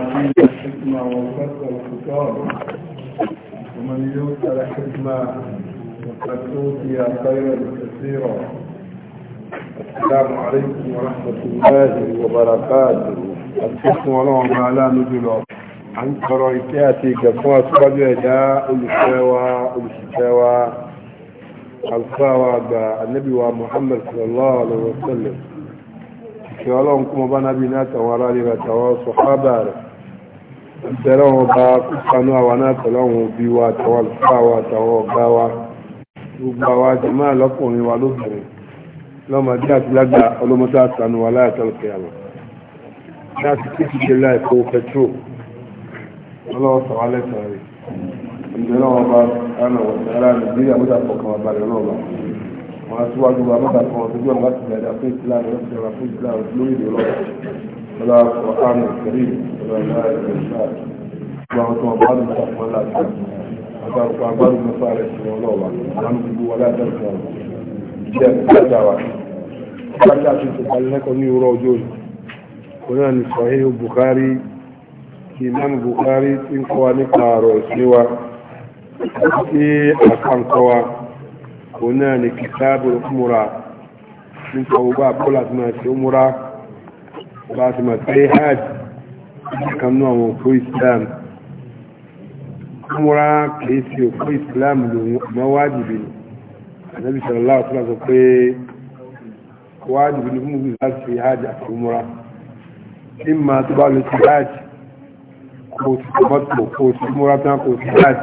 فيه الحكمة وفق الخطاب ومن يوت الحكمة وقد أوتي خيرا كثيرا السلام عليكم ورحمة الله وبركاته الحكم ولو ما لا نزل عن قرائتي كفوة قد يدا الشوا الشوا الخاوة النبي ومحمد صلى الله عليه وسلم شوالهم كما بنا bá ورالي náà tàwọn ará bẹ̀rẹ̀ wọn bá kúkanú àwọn náà pẹ̀lú àwọn òbí wa àtàwọn àlùfáà wa àtàwọn ọ̀gá wa gbogbo àwọn àjẹmọ́ àlọ́kùnrin wa lóbìnrin lọ́mọdé àti lágbà ọlọ́mọdé àtànù wa láyàtọ̀lùkẹ́ àwọn láti kí ti ṣe láì fowó pẹtrol ọlọ́wọ́ sọ̀wálẹ̀ sọ̀rọ̀ ìjọba wọn bá kánà wọn sára nàìjíríà mọ́tà fọkàn wọn balẹ̀ náà lọ wọn aṣíwájú wa mọ́tà fọkàn wọn tó gbé ولا القرآن الكريم ولا لا الإنسان اللهم صل على محمد ولا أدار أعمال المصالح والله عنه ولا تنسى جاء دعوة حتى تتقال لك أني وراجل هنا صحيح البخاري إمام البخاري إن قواني قارو سوا في أكان قوا هنا كتاب الأمراء من قوبا بلاد ما في أمراء bá ti mọ̀ pé hajj kanú àwọn òkú islam múra kìí sí òkú islam lòun mọ́ wájìbì ni ànábì sallallahu alaihi wasallam pé wájìbì ni fún mùsùlùmí láti fi hajj àti múra ní ma tó bá lè ti hajj kò sí tòmọ́tò kò sí múra tán kò sí hajj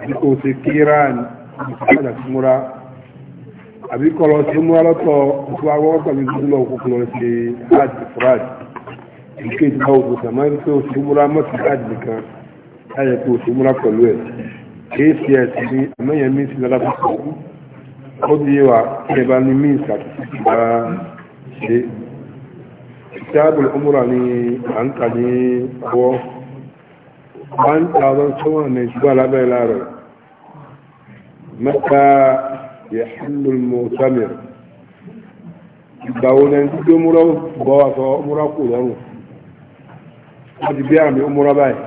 àti kò sí kíra kò hajj àti múra àbí kọ́ lọ sí múlọ́tọ̀ oṣù awọ́wọ́ pẹ̀lú ìdúró òkùnkùn lọ sí hajj fúráj ìké ìdúró òkùnkùn máa ń pé oṣù múra mọ́tì hajj nìkan láyé pé oṣù múra pẹ̀lú ẹ̀ kìí ṣe ẹ̀sìn ní àmọ́yẹn mí sí lára púpọ̀ ó di yé wa ẹ bá ní mí ìsàkóso bá ṣe ìṣàbùn ọmúra ni à ń kà ní ọwọ́ one thousand seven hundred ninety one lábẹ́ láàrẹ̀ mẹ́ta يحل المؤتمر ìgbàwọlẹ̀ ní tó múra bọ́ aṣọ múra kù lọ́rùn wọ́n ti bí àmì múra báyìí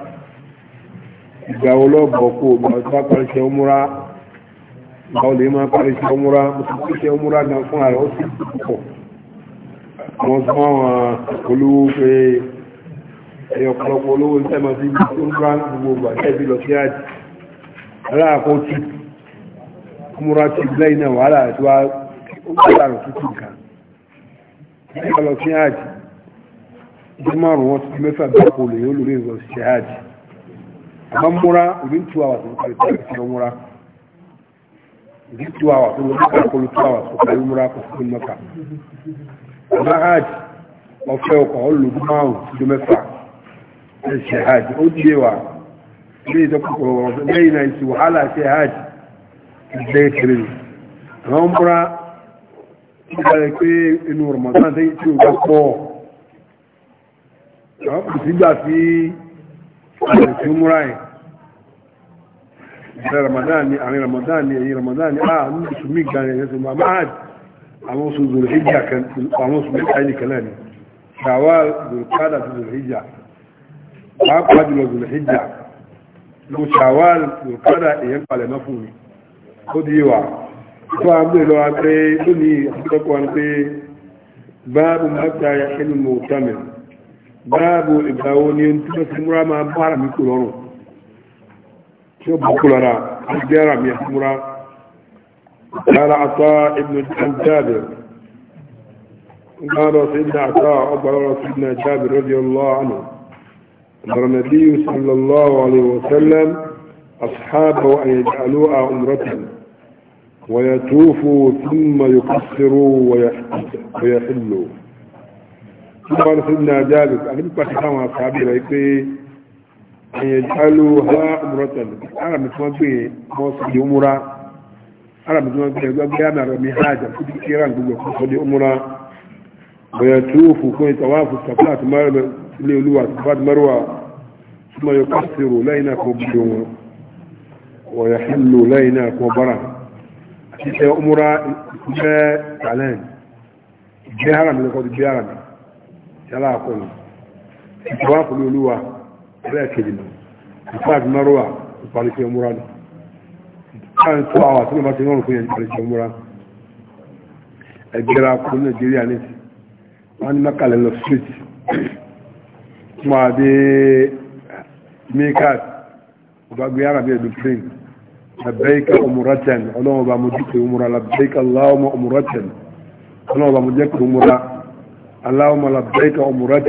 ìgbàwọlẹ̀ bọ̀ kù bàtà paríṣẹ́ múra ìgbàwọlẹ̀ máa paríṣẹ́ múra mùsùlùmíṣẹ́ múra náà fún ààrẹ ó sì pọ̀ wọ́n sọ àwọn olówó pé ẹ̀yọ̀ ọ̀pọ̀lọpọ̀ olówó ń tẹ́ máa fi gbogbo gbogbo àti ẹ̀bí lọ sí àjì aláàkó tìtì múra ti lẹ́yìn náà wàhálà àti wá ọgbàlárò tútù nǹkan nígbà lọ sí àjì ìjọ márùn wọn ti mẹ́fà bá kò lè yóò lórí ìrọ̀ sí àjì àmọ́ múra ìdí tú àwà tó kàrí tó kàrí tó múra ìdí tú àwà tó lọ kàrí kó lè tú àwà tó kàrí múra kò sí mọ́ka ó di ẹwà lẹ́yìn náà ìsì wàhálà sí àjì ìgbẹ́ kiri ni àwọn múra nípa rẹ̀ pé inú Ramadan tẹ́ tí ó bá pọ̀ àwọn Ramadan ni àrin Ramadan ni ẹ̀yìn Ramadan ni a ní oṣù mí gbà ní ẹ̀sùn bá máa àwọn oṣù zòrò hijja àwọn oṣù mẹ́ta ní kẹlẹ́ ni ṣàwà zòrò kádà sí zòrò hijja pàápàá jùlọ zòrò hijja mo ṣàwà zòrò ó di wà fún abúlé lọ́wọ́ pé ó ní àkọ́kọ́ wọn pé báàbù mọ́ta yàtẹ́lú mọ̀ tàmì báàbù ìgbàwó ni ó ń túnbọ̀ sí múra máa bá àràmì kò lọ́rùn tí ó bọ̀ kó lọ́ra ó jẹ́ àràmì àti múra lára àtọ́ ibn al-jabir قال سيدنا عطاء أبرر سيدنا جابر رضي الله عنه أمر النبي صلى الله عليه وسلم أصحابه أن يجعلوا أمرة ويتوف ثم يقصر ويحل قال سيدنا ذلك أنا بقى كما صحابي رأيك أن ها أمرة أنا متوقع موصل أمرة أنا متوقع بيانا رمي حاجة في الكيران بقى موصل أمرة ويتوف كون يتواف السفات مروة ليلوة صفات مروة ثم يقصر لينك وبدون ويحل لينك وبرم iṣẹ́ umura ìgbẹ́ talen ìgbẹ́ haram lẹ́kọ́ ti gbé haram yálà àkọlù ìgbà pẹ̀lú olúwa ẹlẹ́ẹ̀kejì nù ìfà àdìmọ́rọ́wà ìpàlẹ́kẹ́ umura nù láàrin tó àwọn àti lọ́bàá ti rọrùn fún yẹn ìpàlẹ́kẹ́ umura ẹgbẹ́ra kú nàìjíríà ní ti wọ́n ní mẹ́kàlẹ̀ lọ street wọ́n adé mekat ọba gbé لبيك أمرة اللهم بمجيك أمرة لبيك اللهم أمرة اللهم بمجيك أمرة اللهم لبيك أمرة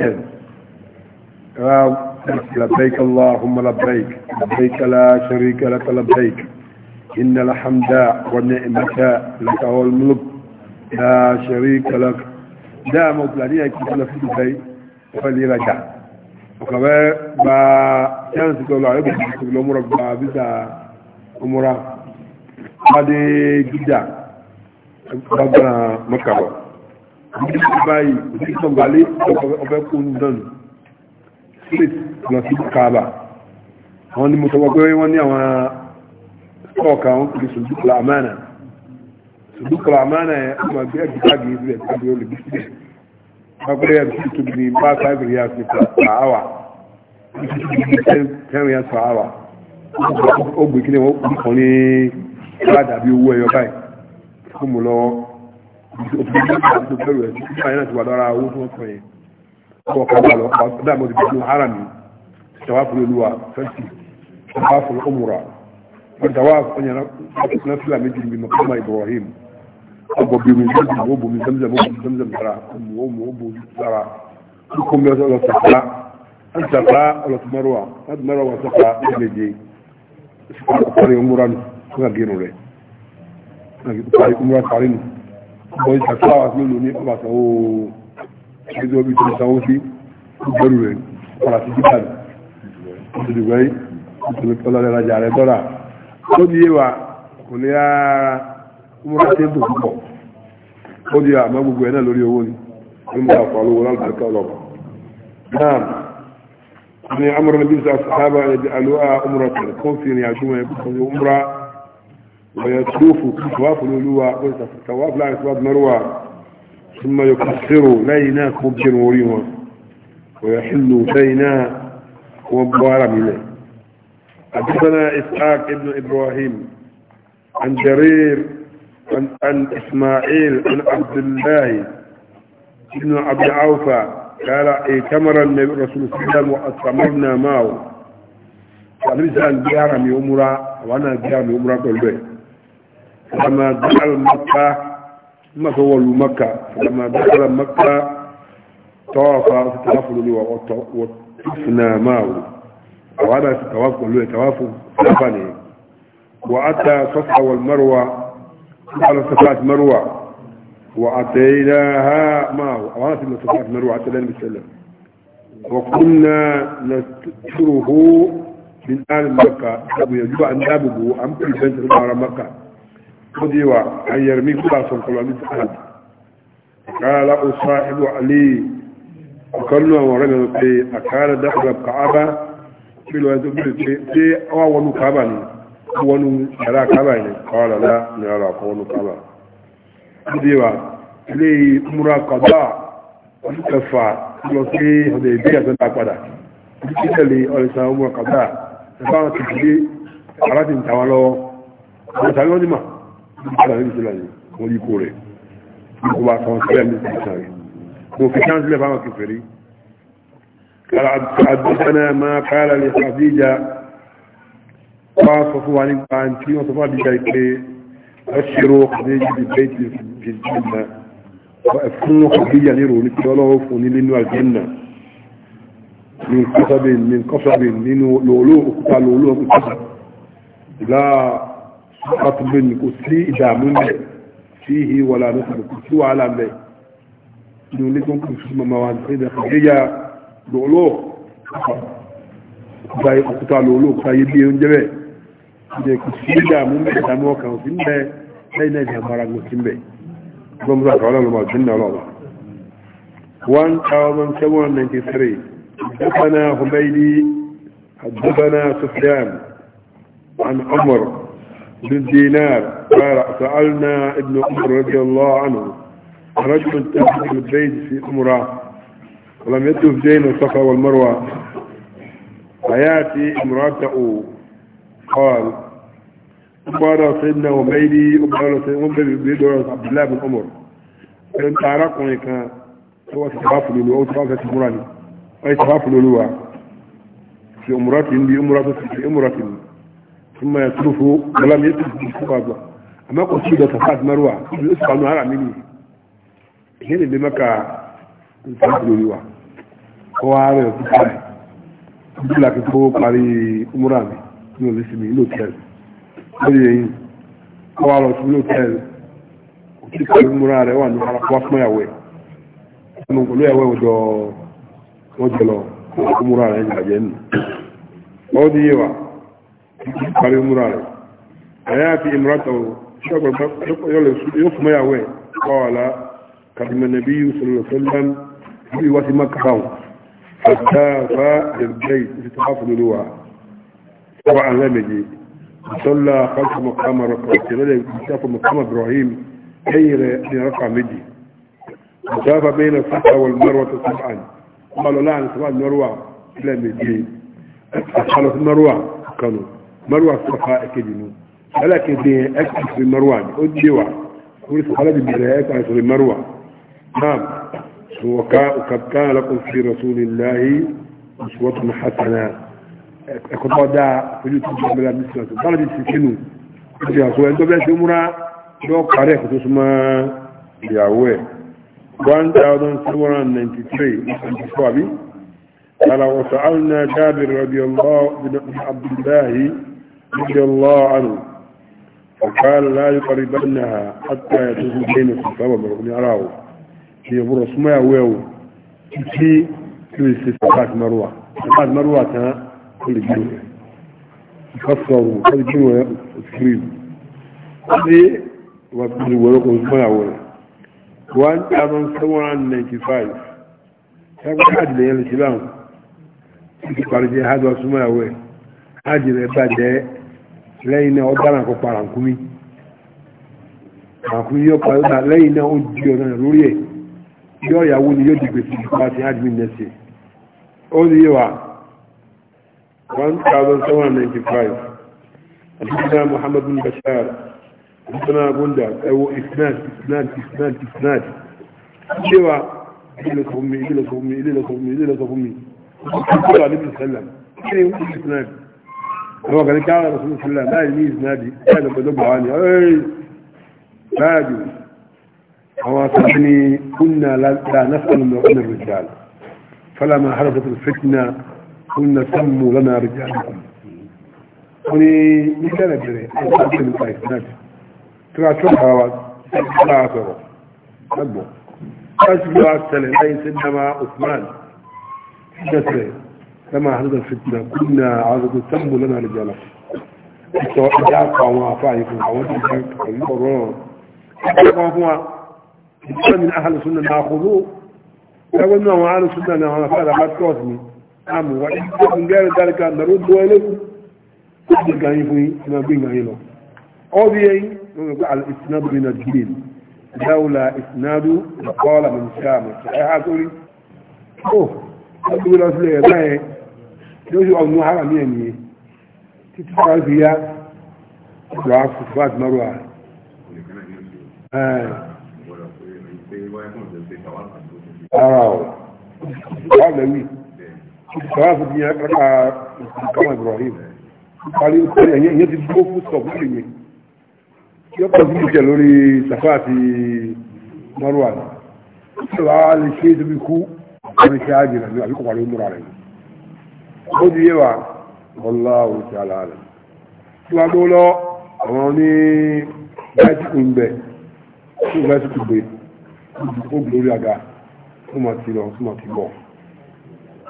لبيك اللهم لبيك لبيك لا شريك لك لبيك إن الحمد والنعمة لك والملك لا شريك لك دام أطلعني أكيد في البيت رجع وكما با كانت تقول الله عليه وسلم لهم ربنا بذا umura adé gíga gbagbara makaba gíga báyìí gíga gbalé ọbẹ̀ kún dánù street lọ sí kaaba wọn ni mo sọ pé wọn ní àwọn sọọka wọn kìí sùdúkùlà àmàna sùdúkùlà àmàna yẹn wọn máa gbé ẹgbẹ̀ta gíga ìbílẹ̀ tí wọn bí olùbí sílẹ̀ wọn pé tó bí bá five riyals ní per hour ten riyals ó gbé kíni wọn kàn ní ìlàdà bí owó ẹyọ báyìí fún mu lọ́wọ́ òfin ìlú àti tó bẹ̀rù ẹ̀ tí ìgbà yẹn ti wà lára owó tí wọ́n sọ yẹn ọwọ́ kan wà lọ́wọ́ ọ̀dà mo ti bẹ̀rù hàrà mi ṣàwá fún olúwa fẹ́ǹsì ṣàwá fún ọmọra ọ̀dàwà ọ̀nyàrá fúnafúnà méjì níbi mọ̀kànmá Ibrahim ọgbọ̀ bìrù zamzam ó bomi zamzam ó bomi zamzam dára ọmọ ọmọ ó bomi dára ó kọ́ mi ọlọ́sàkà ọlọ́sàkà ọlọ́sàkà ọlọ́sàkà ọlọ́sàkà ọlọ́sàkà ọlọ́sàkà parí umura nù fún àgérò rẹ̀ parí umura parí nù bọ́ ìjà tó àwọn àtúnlò ní ọba sanwó ẹgbẹ́ omi tó sanwó sí ìgbẹ́rù rẹ̀ padà sí jíjà rẹ̀ ìdìbò yìí ìdìbò tó lọ́lẹ́ rajà rẹ̀ dọ́là ó di yéwà kò ní rárá umura tẹ́ tó púpọ̀ ó di أن يعني أمر النبي صلى الله عليه وسلم الصحابة أن يجعلوها أمرة كون في يعشوها يكون أمرة ويطوفوا طواف الولوى والطواف لا يطواف مروى ثم يكسروا لينا كبجر وريما ويحلوا لينا ومبارا منه حدثنا إسحاق ابن إبراهيم عن جرير عن, إسماعيل عن عبد الله ابن عبد عوفة قال ائتمر إيه، النبي الرسول صلى الله عليه وسلم واستمرنا معه فالرسال بيارم يمرا وانا بيارم يمرا قلبي فلما دخل مكة ما هو مكة فلما دخل مكة طاف تغفل لي وطفنا معه وانا تواف لي تواف فلفني وأتى صفا والمروة على صفات مروة وأتيناها معه أولا سبنا تفاق من روعة الله بالسلام وكنا نستره من آل مكة أبو يجب أن نابده أم كل بنت على مكة قدوا أن يرمي كل صلى الله عليه وسلم قال أصاحب علي وقالنا ورنا نقي أكان دخل الكعبة في الوقت في أول كعبة أول كعبة قال لا نرى قول كعبة gbígbéwà ilé múra kọ̀dá ọdúnkẹfà lọ sí ọ̀dẹ̀ ìgbé àtọ́dá padà títẹ̀lé ọ̀rẹ́sà múra kọ̀dá ẹ̀fà ti fi dé ara ti ń tàwa lọ́wọ́ ọ̀rẹ́ sáré lọ́dí mà nígbàdà jìnnà fún ọkùnrin ní ìròyìn pé ọlọ́wọ́ fún ní nínú àjẹ́nà ní kọ́sọ́bìn ní kọ́sọ́bìn nínú lòló òkúta lòló òkúta ìlà sọ́kàtúbìn kò sí ìdààmú mẹ́ sí ìhì wàlà nípa kò sí wàhálà mẹ́ ní ilé tó ń kùn sí mama wa ní ìdá ìdíyà lòló òkúta lòló òkúta yé bí oúnjẹ bẹ́ẹ̀ ìdẹ̀kù sí ìdààmú mẹ́ ìdààmú ọkàn òsì mẹ́ lẹ́yìn náà ìdààmú ara gbòsí mẹ́ 1793 حدثنا حميدي حدثنا سفيان عن عمر بن دينار قال سألنا ابن عمر رضي الله عنه رجل تحت البيت في عمره ولم يتف زين الصفا والمروة فياتي امرأته قال ọgbọ́dọ̀ sẹ́dínà ọmọdé ọgbọ́dọ̀ sẹ́dínà wọ́n bẹ̀rẹ̀ ìgbé dọ́rọ̀ abdullahi bin umar ẹni ta arákùnrin kan tó wọ́n ti sábà fún olúwa ó ti sábà fẹ́ ti múra ni wọ́n ti sábà fún olúwa ti umra ti ń di umra tó ti fi umra ti ní tí mo yẹ tó fo ọlá mi tó fi fún àgbà àmọ́ kò sí ìdọ̀tà fáàtì mẹ́rùwà ó sì wà nù ara mi ni ìyẹn lè lè mẹ́ka ń sábà fún olúwa kọ́ wa rẹ̀ ó ti sáré ó ti láti parí umra mi ní olùsìn mi ní òtẹ́ẹ̀lì lórí ẹ̀yìn ọwọ́ àlọ́ sí lóòtẹ́ẹ̀lì òkè pẹ̀lú múra rẹ̀ wà ní arákùnwá fún ẹ̀ ẹnu pẹ̀lú ìyàwó ọjọ́ wọ́n jẹ lọ òkú múra rẹ̀ ìgbàjẹ́ nù di yé wa múra rẹ̀ àti yóò bí wá sí fún ọba وصلى خلف مقام ركعتين بدأ يشاف مقام إبراهيم غير أن ركع مدي وشاف بين الصفا والمروة سبعا قالوا لا أنا سبعا مروة إلى مدي قالوا مروة كانوا مروة الصفا كجنو ولكن دي أكثر في مروان أدي واحد وليس خلد بالرهايات عن سوري مروة نعم وكان لكم في رسول الله أسوة حسنة ẹ̀kọ́ bá dáa ojú tó jẹ́ ọmọlá ní sílọ̀tù bá lọ́dí ti kínú ìdí àṣọ ẹni tó bẹ́ẹ̀ ṣe múra lọ́ parẹ́ ẹ̀kọ́ tó súnmọ́ ìyàwó ẹ̀ 1793 ní 24 àbí قال وسألنا جابر رضي الله بن عبد الله رضي الله عنه فقال لا يقربنها حتى يتوب بينكم فما مرغم يراه في برس ما يويو في في استفاد مروة استفاد مروة كل جنة يخسروا كل جنة تكريم هذه وكل ولوك وسمع ولا وان امن سوى عن 95 كان حد لي الاسلام ìpàrẹ̀jẹ́ hajj ọ̀sùnmọ́ ẹ̀wẹ̀ hajj rẹ̀ bàjẹ́ lẹ́yìn náà ó dára kó para nkúmi àkú yóò parí náà lẹ́yìn náà ó di ọ̀nà lórí ẹ̀ yóò yàwó ni yóò di gbèsè nípa ti hajj mi nẹ́sẹ̀ ó ní yé wa 1795 حدثنا محمد بن بشار حدثنا بندع أو إثنان إثنان إثنان إثنان شوى إلى أمي إلى أمي إلى أمي إلى أمي صلى الله عليه وسلم كان إثنان هو قال رسول الله صلى الله عليه وسلم إيه، لا يميز نادي هذا بدب عني أي نادي هو كنا لا نسأل من الرجال فلما حدثت الفتنة قلنا سموا لنا رجالكم وني مثال بري أصلاً طيب ناس ترى شو حواد لا أصبر أصبر أصبر أصلاً ليس إنما عثمان نسر لما حدث الفتنة كنا عرض سموا لنا رجالكم سواء جاءت قوما فايكم أو تجاك القرون قوما من أهل السنة نأخذوه يقول أهل السنة نأخذوه فأنا قد àmù wà ní ìjọkùn gẹ́rẹ́ dáríkà nàró bọ́ ẹlẹ́kùn tó ti gbà yín fún yín tí wọ́n gbé ìgbà yín lọ ọ́bí ẹ̀yìn wọ́n gbé al isnadu min al jilid dáwùlà isnadu ìkọ́lá min sáàmù ẹ̀ ha sórí ó wọ́n gbé lọ sílẹ̀ ẹ̀gbá yẹn tí ó sì ọ̀nà ara mi ẹ̀mí yẹn títí ọ̀ wọ́n ìgbàláfù ní ẹ̀ka ìkàwọn Ibrahim parí ẹ̀yẹ́ ti dúró fún sọ̀bù ìyẹn yóò kọ́ sí ìjẹ lórí sàfà àti mọ́rùwà ní lè ṣe tóbi kú àwọn iṣẹ́ àjì di yé wa ọlá òkè àlà rẹ̀ tí wàá gbọ́ lọ àwọn ní báyìí ń bẹ tí wọ́n bá ti kú gbé ó gbé lórí àga ó mà ti lọ ó mà ti bọ̀.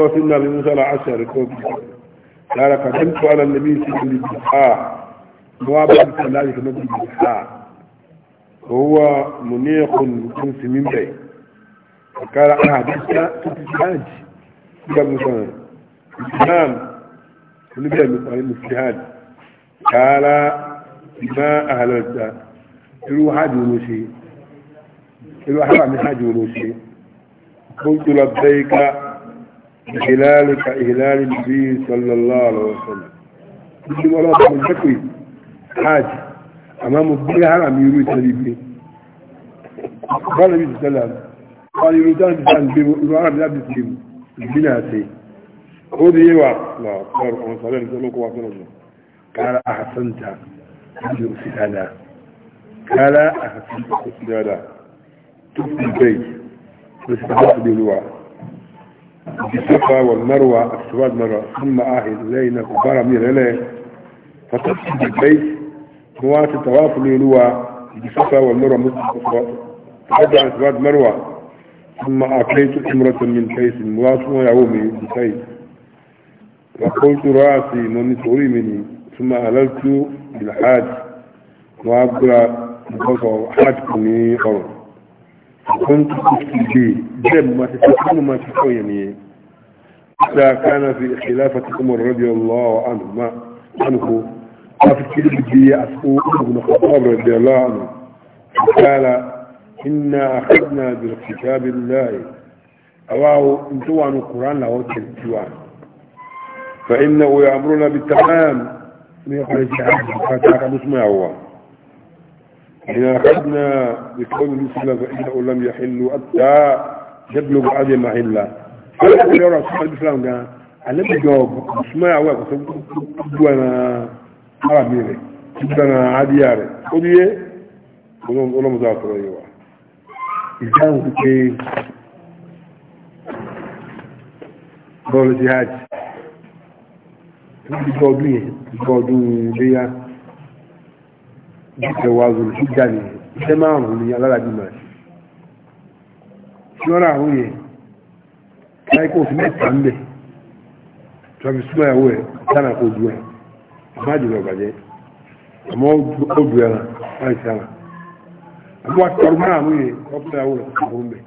وفينا بموسى العشر قال قدمت على النبي صلى الله عليه وسلم موابعة ذلك نبي بالحاء وهو منيق جنس من بي فقال أنا حديثة تتجهاج إلى موسى الإسلام نبي المسلحات قال ما أهلت إلو حاج ونوشي إلو حرام حاج ونوشي قلت لبيك هلال كهلال النبي صلى الله عليه وسلم كل مرة من ذكري حاج أمام الدنيا هل عم يروي سليبي قال النبي صلى الله عليه وسلم قال يروتان بسان بيوارد لا بسليم بناتي خذ يوا لا أكبر أما صلى الله عليه وسلم قال أحسنت أجر سلالا قال أحسنت سلالا تفضي البيت بس تحصل الوعد بالصفا والمروة السواد المروة ثم أهل إلينا كبار من إليه فتبكي بالبيت مواسي طواف اليلوى بالصفا والمروة مصطفى فرجع السواد مروة ثم أتيت امرة من كيس مواسي يومي بقيس وقلت رأسي من سوري مني ثم أهللت بالحاج وأبقى بقصة حاجكني أرض كنت أفتي جم ما تتكلم ما تتكلم حتى كان في خلافة عمر رضي الله عنه ما عنه أفتي بي أسؤول بن خطاب رضي الله عنه قال إنا أخذنا بكتاب الله الله انتوا عن القرآن له تلتوان فإنه يأمرنا بالتمام من يقول الجهاد فتاك مسمع هو إذا أخذنا بقول رسول فإنه لم يحل حتى يبلغ أبي محلة فلقد يرى رسول الله الإسلام قال أنا بجاوب اسمع وقت أنا عربي أنا عدياري قل إيه قلهم قلهم ذات رأيوا إذن كي قول الجهاد تقول بجاوبين بجاوبين ẹ̀wà zùlùkíjà ni iṣẹ́ márùn-ún ni alárajì máa ṣe lọ́rọ̀ àwọn na láìkó òfin mẹ́ta ń bẹ̀ tọ́bi súnmọ́ ẹ̀ dáná kó ju ẹ̀ àmọ́ àjùlọ ọ̀bàjẹ́ àmọ́ ó du ẹran láì ara àmọ́ àtọ́rọ mọ́ àwọn yẹn ọ̀pọ̀ rẹ̀ kò ń bẹ̀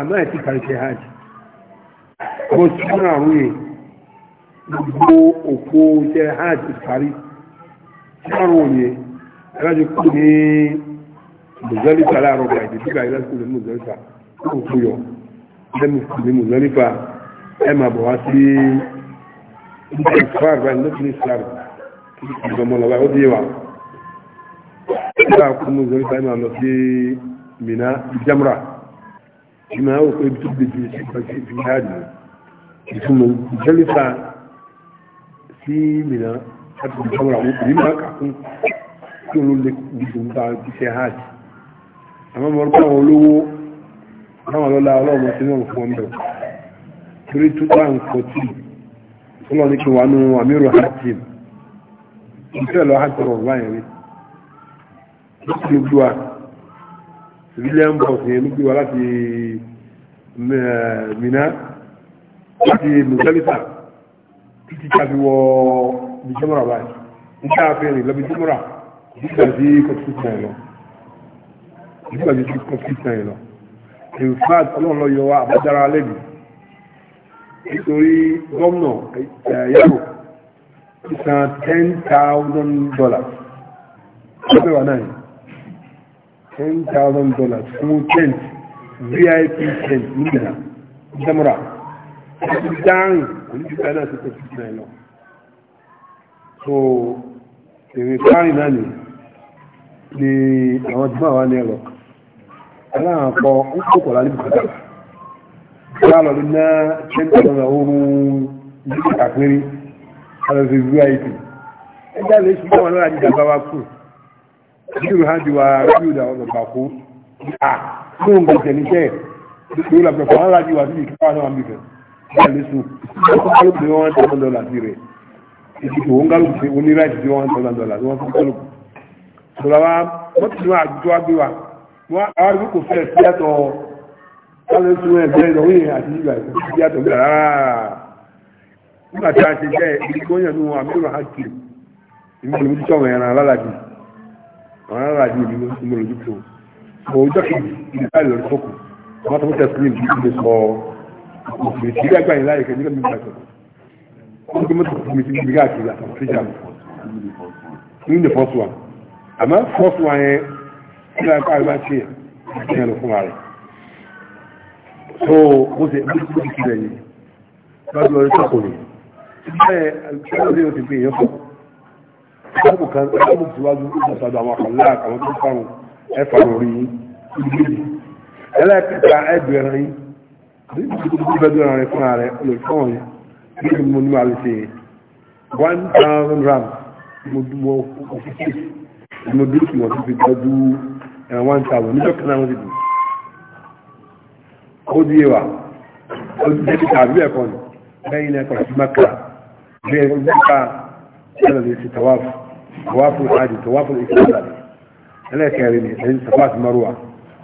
àmọ́ ẹ̀ ti kàrí ṣe hajj àmọ́ súnmọ́ àwọn alájọ kú ní mùsọ́lífà láàárọ̀ bá ìdí bíbá ilé sùkúlù ní mùsọ́lífà kó kú yọ lẹ́nu sùkúlù ní mùsọ́lífà ẹ máa bọ̀ wá sí ìdí ìfáàrù báyìí lọ́sùn ìsìlámù kí ìgbọ̀mọ̀ lọ́wọ́ ó dé wa ìgbà kú mùsọ́lífà ẹ máa lọ sí mìnà ìjàmùrà ìmọ̀ òkú ibi tó gbèjì kí ló lè gbìyànjú nípa iṣẹ́ hajj àmọ́ mo rúkọ àwọn olówó láwọn ọlọ́lá ọlọ́mọ sí náà fún ọmọ torí 2014 ọlọ́ ní kí wà nù àmírò hajj ìfẹ́ lọ hajj rọrùn báyìí rí lókè gbé wa William bus yẹn ló gbé wa láti eh, Mina láti Mùsálífà títí tàbí wọ bìjọ́mọ́ra báyìí nígbà fẹ́ràn lọ bìjọ́mọ́ra nígbà tí constitution yẹn lọ nígbà tí constitution yẹn lọ in fact ọlọ́run lọ yọ àbájára lẹ́bi nítorí gómìnà eh, eh, yàrá ìsan ten thousand dollars ọ̀pẹ̀ wà náà yìí ten thousand dollars fún tent vip tent nígbà ìdámọ́ra ìdáhùn oníjúkà náà ti constitution yẹn lọ so èrè sáàrin náà nìyí ni àwọn jùmọ̀ àwọn ní ẹ̀rọ aláàpọ̀ ń kòkòrò alìbùkátà láàrọ̀lú ná tẹ́ntẹ̀lọ́nà oòrùn ìlú àpẹẹrẹ alẹ́fẹ́ vip ẹgbẹ́ ilé ṣe wọ́n lára jíjà bá wá kù ìṣirò hàn jùwà rábíù dáwọn bàbá kú à tó ń gbèsè níṣẹ́ ló làbẹ̀ fún alára jíwà sí ìkáwà náà ń bìfẹ̀ ẹgbẹ́ ilé sùn ó kọ́ bọ̀làwà mọ́tìlú àjọ agbéwà wọ́n àwọn ìgbókò fẹ́ síyàtọ̀ tálẹ́sùn ẹgbẹ́ ìlọ́wọ́ yẹn àti a ṣe jẹ́ ìgbóyàn nù àmìlò àkìrì ìmọ̀lójú tọ̀wọ̀ ẹran alálàjì àwọn alálàjì ìlú ìmọ̀lójú tó mọ̀ ọjọ́ kejì ìgbà ìlọrin tó kù wọ́n tó tẹ̀ sílẹ̀ bí ilé sọ òfin tí gbàgbà yìí láyé àmọ́ fọ́ọ̀fù wọn yẹn kí láti pa àgbà tiẹ̀ àti ẹ̀rọ fún ààrẹ so bó ṣe bó ṣe kí lẹ́yìn bá lọ rí sọ́kùnrin bẹ́ẹ̀ ṣẹlẹ̀ ní oṣù pé èèyàn fọ́ ọ̀pọ̀ kan ọ̀pọ̀ síwájú ìgbàsọ̀dọ̀ àwọn àkànlá àwọn tó fáwọn ẹ̀fà lórí ìgbèjì ẹlẹ́ẹ̀kẹta ẹgbẹ̀rẹ̀ yìí gbígbẹ́dọ̀ rẹ̀ fún ààrẹ olùfọ́n yẹn bí mo ní wà lè ṣe one thousand rand mo dúró òfìsì inú bí òsì wọ́n ti fi tọ́jú ẹ̀rọ one thousand níjọ́ kan náà wọ́n ti dùn ó di ewa ó ti jẹ́ kíkà àbí ẹ̀kọ́ ni bẹ́ẹ̀ ni ẹ̀kọ́ sí maka bẹ́ẹ̀ ni maka ẹ̀rọ lè ṣe tawafu tawafu adi tawafu ìṣẹ́lá ẹlẹ́kẹ̀rin ni ẹ̀yìn tawafu maruwa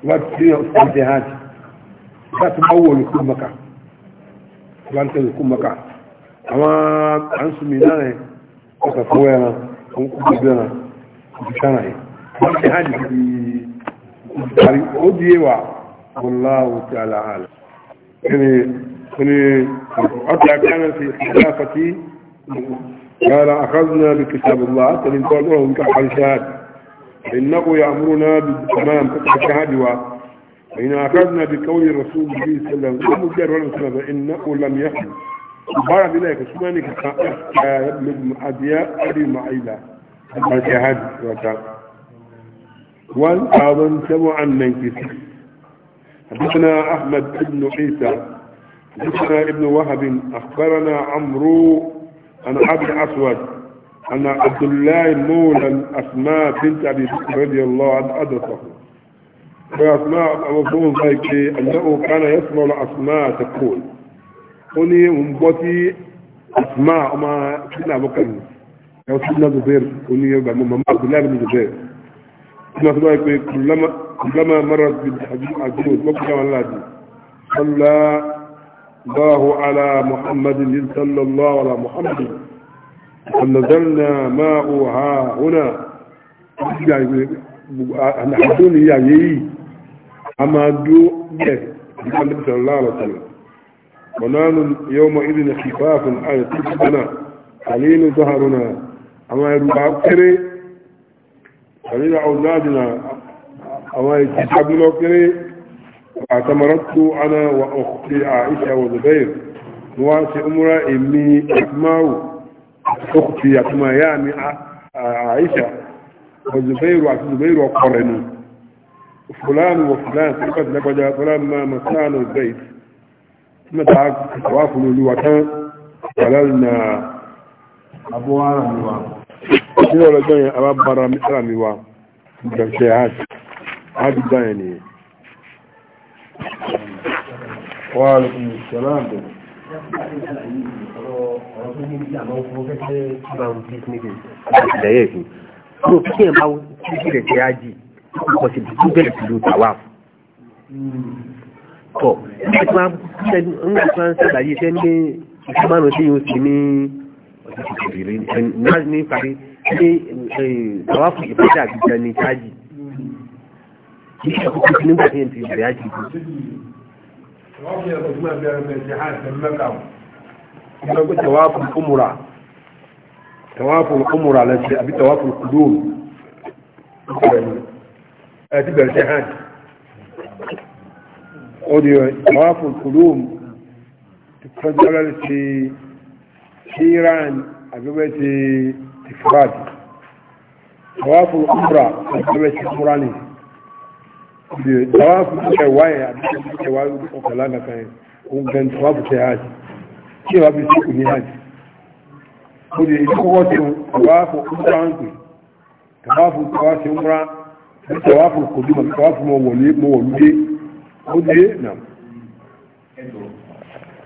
wọ́n ti fi ọ̀sán ti hajj شرعي والجهاد في أودي والله تعالى عالم يعني أطلع كان في خلافتي قال أخذنا بكتاب الله فلن قال لهم كحل شهاد إنه يأمرنا بالتمام كحل شهاد أخذنا بقول الرسول صلى الله عليه وسلم مجرد سنة فإنه لم يحل بارد إليك أبي معيلة الجهاد وتا 1796 حدثنا أحمد بن عيسى حدثنا ابن وهب أخبرنا عمرو عن عبد الاسود أن عبد الله مولى أسماء بنت أبي بكر رضي الله عنه أدركه وأسماء مفهوم ذلك أنه كان يسمع الأسماء تقول قولي منبتي أسماء ما كنا بكرني yàwó sí náà zubair oní yorùbá mọ màmá abdullahi bin zubair sínú àti báyìí pé kùlámà mara àdúró lọ́kùnrin àwọn aláàdì sọlá báwo ala muhammadu ní sọlọ́lá ala muhammadu ànàzánná máa ò ha húnà àdúró ni yàyé yìí a máa dúró bẹ́ẹ̀ bí wọ́n lè sọ̀rọ̀ láàrọ̀ sọ̀rọ̀ ونحن يومئذ خفاف على تلك قليل ظهرنا أنا يروى كري أمين أولادنا أما يتحب له كري أعتمرته أنا وأختي عائشة وزبير نواس أمرا إمي أكماو أختي أكما يعني عائشة وزبير وزبير وقرني فلان وفلان فقد لبدا فلان ما مكان البيت ثم تعاك توافل لوطان فللنا أبوانا نواس ní ọlọ́jọ́ yẹn a bá bára mítàrà mi wá ìgbẹ̀ṣẹ̀ hajj hajj gbá yẹn nìyẹn wà lókùnrin ìṣẹ̀lá àbẹ̀ Ìdẹ̀yẹ̀ ìfún. Mo fi kí ẹ̀ máa kí ìrẹ̀ tẹ́ ájì, kò sì bí tó bẹ̀rẹ̀ pẹ̀lú tàwa. Tọ̀, nígbà tí wọ́n ń ṣàlàyé iṣẹ́ ní ìṣẹ́ márùn-ún tí yóò sì ní ọ̀sẹ̀ ìṣẹ̀lẹ̀ ní parí ṣe tàwáfù ìfẹ́jà gíga ní tájì kí ṣe kúkú sí nígbà tí ẹ̀ ti bẹ̀rẹ̀ àjì kú. tàwáfù kúmùrà tàwáfù kúmùrà lẹ́sẹ̀ àbí tàwáfù kúdóòmù ẹ̀ ti bẹ̀rẹ̀ sí hajj تفضل في شيران أبوتي الإفراد طواف العمرة الجمعة العمراني طواف الجواية الجواية وكلامة كان وكان طواف الجهاز كيف بيسوق الجهاز kudi ikokote tawafu umra wangu tawafu tawasi umra tawafu kuduma tawafu mawali mawali kudi na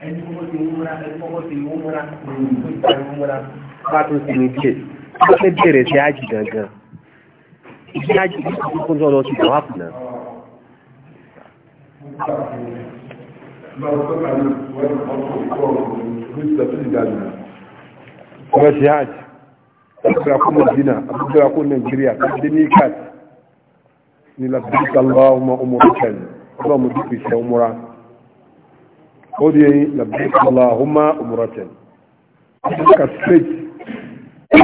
ẹni kọ́kọ́ ti múra ẹni kọ́kọ́ ti múra ẹni kọ́kọ́ ti múra bá tún sí ní díẹ̀ ó fẹ́ bẹ̀rẹ̀ sí ájì gangan ìdí ájì ní ìdíkún tó lọ sí ìwà kùnà. ọmọ sí ájì ọgbẹ́ra kó nàìjíríà ọgbẹ́ra kó nàìjíríà dé ní kat ní labirika lọ́wọ́ ọmọ rachel ọlọ́mọ dúkìí sẹ́ ọmọra ó di labirika lọ́wọ́ ọmọ rachel. Africa straight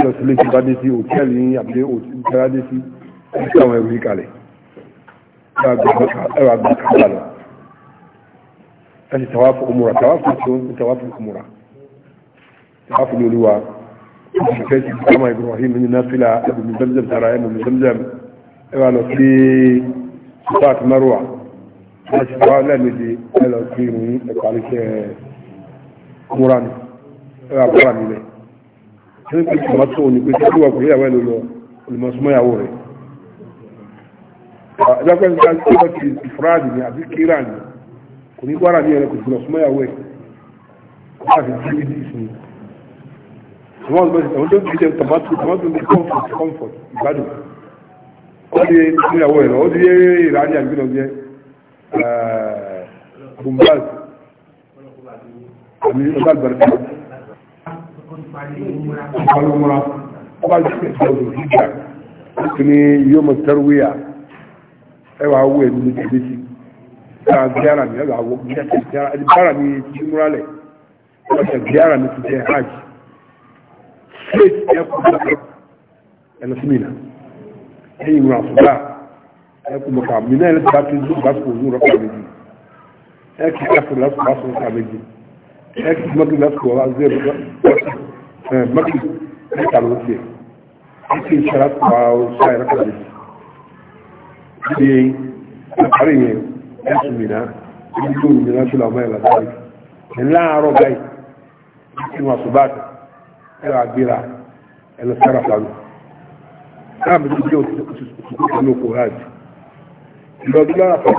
lọ sílé tí bá dé sí òtẹ́ẹ̀lì ní àbúlé òtẹ́ẹ̀lì dé sí sí àwọn ẹrù yìí kalẹ̀ ẹwà gbà kábà lọ láti tàwáfù òmùrà tàwáfù tó ń tàwáfù òmùrà tàwáfù ní olúwa ìfẹ́ sí kama Ibrahim ní náfìlà ẹbù mi zamzam tara ẹbù mi zamzam ẹwà lọ sí sùpáàtì márùwà ẹlọ sí ìròyìn ẹ̀kọ́ àríkẹ́ òmùrà ni ẹwà bọ́ra mi ní pé tomato ní pé tí wà kúrò yàwó ẹ̀ lọ olùmọ̀súnmọ́yàwó rẹ̀ ẹgbẹ́ nípa tí wọ́n ti ìfúráàdì ní àbí kíra ní kò ní gbára ní ẹ̀rẹ́ kò jùlọ súnmọ́yàwó ẹ̀ kò láti dí ní ìsìn àwọn ọmọdé ti jẹ tomato tomato ní comfort comfort ìgbádùn ó di ìyàwó ẹ̀ lọ ó di ìrànlẹ́ àbí lọ jẹ bombaz àmì ọgbà àgbàrẹ́ ìparí múra ọba jẹ́ ìjọba ìjọba ìjọba ní yóò mọ̀ tẹ́rùwíyà ẹwà owó ẹ̀mí ní tẹ̀lé sí ẹwà gbára mi ẹwà owó gbára mi ti múra lẹ̀ ẹwà gbára mi ti jẹ́ hajj faith ẹkùn ẹ̀nà sí mìíràn ẹ̀yìn múra fúgbà ẹkùn mọ̀ká mi náà ẹ̀lẹ́sì bá ti ń zúgbà sọ̀rọ̀ ní rọ́pà méjì ẹ̀kì ẹ̀kùn lásìkò bá sọ̀rọ̀ méjì ẹ̀kì mọ́tò lásìkò bá zẹ́rù mọ́kì mẹ́ta ló tiẹ̀ títí ìṣẹ́ra pa ọ̀ṣà ìrẹ́pàá lè ṣe àpárí yẹn ẹ̀sùn mìíràn ibi tó mìíràn tó làwọn ẹ̀là dáre ńlá àárọ̀ báyìí tí wọ́n sọ báàtà ẹ̀rọ àgbéra ẹ̀lọ sára fàánù láàmì tó jẹ́ òṣìṣẹ́ ìlú okò ráàjì ìlọ́dún lára fàánù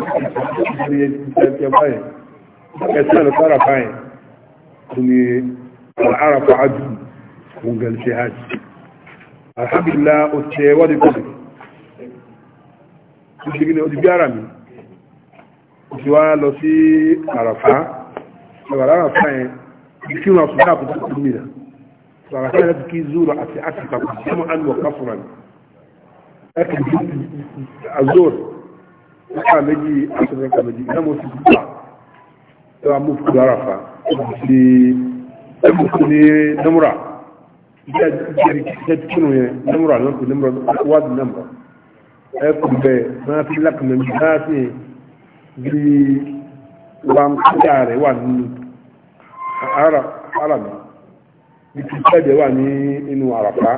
ìṣẹ́lẹ̀ yẹn kungal jihad alhamdulillah o tẹ wadi kọsi o ti gini o ti bí ara mi o ti wá lọ sí àràfá ẹwàrá àràfá yẹn kí wọn sùn dáàbò tó kúrú mi nà àràfá yẹn láti kí zúrò àti àti papọ̀ tí wọn àlùwọ̀ káfùrà ni ẹ kì í azor nípa méjì ẹ jẹ́ kínú yẹn nẹ́mùrọ̀ àwọn kò nẹ́mùrọ̀ wádìí nẹ́mùrọ̀ ẹ kò bẹ̀ máa fi lákàmẹ́ mi máa fi bí wa ń kájà rẹ̀ wà nínú ara mi bí ti jáde wà ní inú àràpá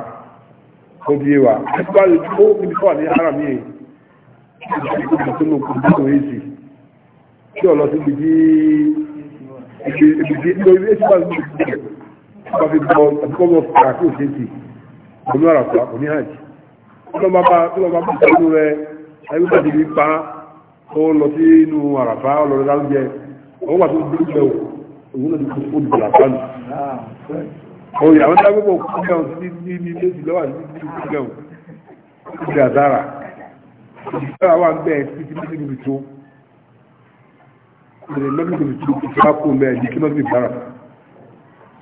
ó bí wa ẹ bá lè tó níbi tó wà ní ara mi yìí kí ó tó kò bí kò yéé sí kí ọ lọ sí ibi tí ibi tí ibi tí ó yéé sí wà ní ibi tí wọ́n fi bọ́ ọ̀pọ̀lọpọ̀ kàkí òṣèǹtì òní àràpá òní hajj ọlọ́mọ bá pẹ̀lú rẹ ayébùsà ti fi pa ó lọ sí inú àràpá ọlọ́rẹ́ lárúgẹ ọwọ́ wà tó dúró jẹ òun náà ti kó ó dùbọ̀ làpá nù. òye àwọn tí a gbọ́ kó gẹ̀hùn sí ní ní ilé ìlú lọ́wọ́ àti ní kó gẹ̀hùn kó gẹ̀ àdára ìṣẹ́ra wà ń bẹ̀ sí ti mọ́tò níbi tó mọ́tò níbi tó kò fẹ́ kó mẹ́ẹ̀ ní kí mọ́tò níbi tó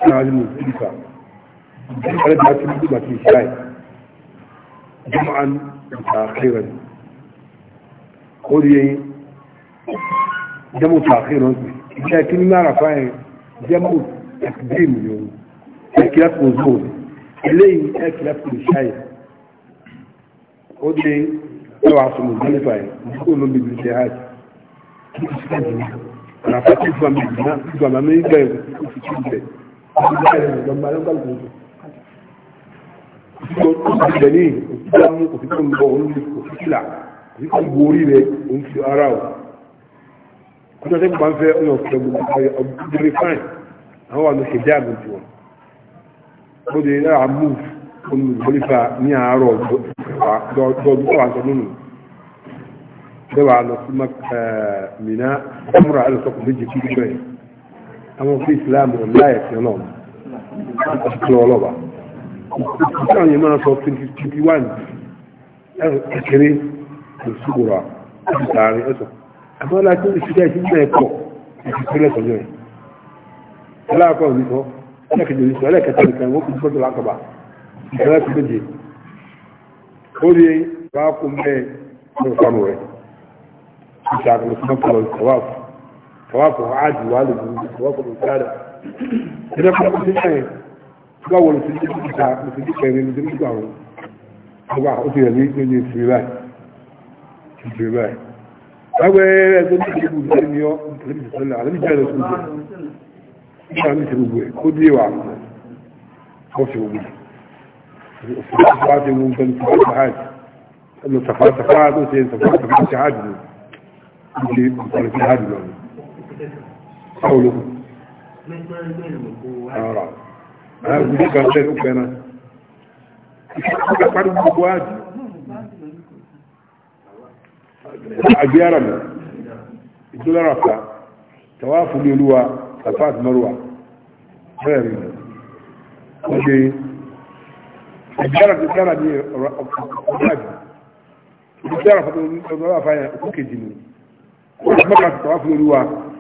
láàrin mùsùlùmí kare da su duk mafi shayi jama'an takiran koriyayi jamu takiran su shakin nara fayin jamu takdim yau akilaf ozo ilayi akilaf shayi koriyayi yawa su musulmi fayin musulmi bibin shahad na fatin zuwa mai zuwa mai gbayin su cikin ìgbẹ̀lẹ̀ ìsìlámù kò sí tó ń bọ̀ òun lè kò sí kílà kò sí tó ń bo orí rẹ̀ òun ti ara o kọjọ́ tẹ́ gbà ń fẹ́ ọ̀nà ọ̀sẹ̀ ọ̀gbẹ̀rẹ̀ fáìn àwọn wà ló ṣe dé àmì tiwọn ó lè rà mú olùgbòlífà ní àárọ̀ dọ́ọ̀dún tó wà àwọn òfin islam ọ̀la ẹ̀sìn ọlọ́ọ̀ba ọ̀sìn ọlọ́ọ̀ba ìṣẹ́ àwọn yẹn máa sọ twenty one kékeré kò sígbòrò àti sàárín ẹ̀sọ̀ àmọ́ láti ìṣẹ́jà ìṣẹ́jà ẹ̀kọ́ ìṣẹ́jà ìṣẹ́jà ìṣẹ́jà aláàkọ́ òní sọ ẹlẹ́kẹ̀jọ ní sọ ẹlẹ́kẹ̀ta nìkan wọ́n kò tó tó lákọ̀bà ìṣẹ́lẹ̀ tó méje ó rí wàá kó mẹ́ ẹ̀rọ sọnù rẹ̀ ìṣàkóso mọ́tò lọ ìṣọ̀wáfù tawafin hajji walibi tawafin musada idan kuma mutum ne ga wani sun jiki ta mutum jiki ne mutum jiki a wani ọba oṣù yẹn ní ìpínlẹ̀ ìfìrìbáì ìfìrìbáì lágbẹ́ ẹgbẹ́ ní ìpínlẹ̀ ìbùdó ní ọ́ ìpínlẹ̀ ìsọ́lẹ̀ àlẹ́bíjẹ́ lọ sí ìgbẹ́ ìgbà ní ìṣẹ́ gbogbo ẹ̀ kó dé wà ó ṣe gbogbo òfin tó bá ti wọ́n gbẹ́ni tó bá ti hajj ẹnu tafàtafà tó ṣe tafàtafà ti hajj lọ ìgbẹ́ ìpínlẹ̀ hajj lọ ni قوله أرى هذا كان شيء كان يقال بواد أجيارنا الدولار رفع تواف اليلوى صفات مروى خير وجي أجيارة الدولار دي رفع الدولار رفع الدولار رفع كوكي جنون مكة تواف اليلوى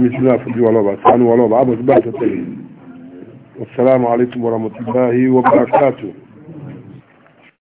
مثل في ولوبة سعن ولوبة عبد بعد التلين والسلام عليكم ورحمة الله وبركاته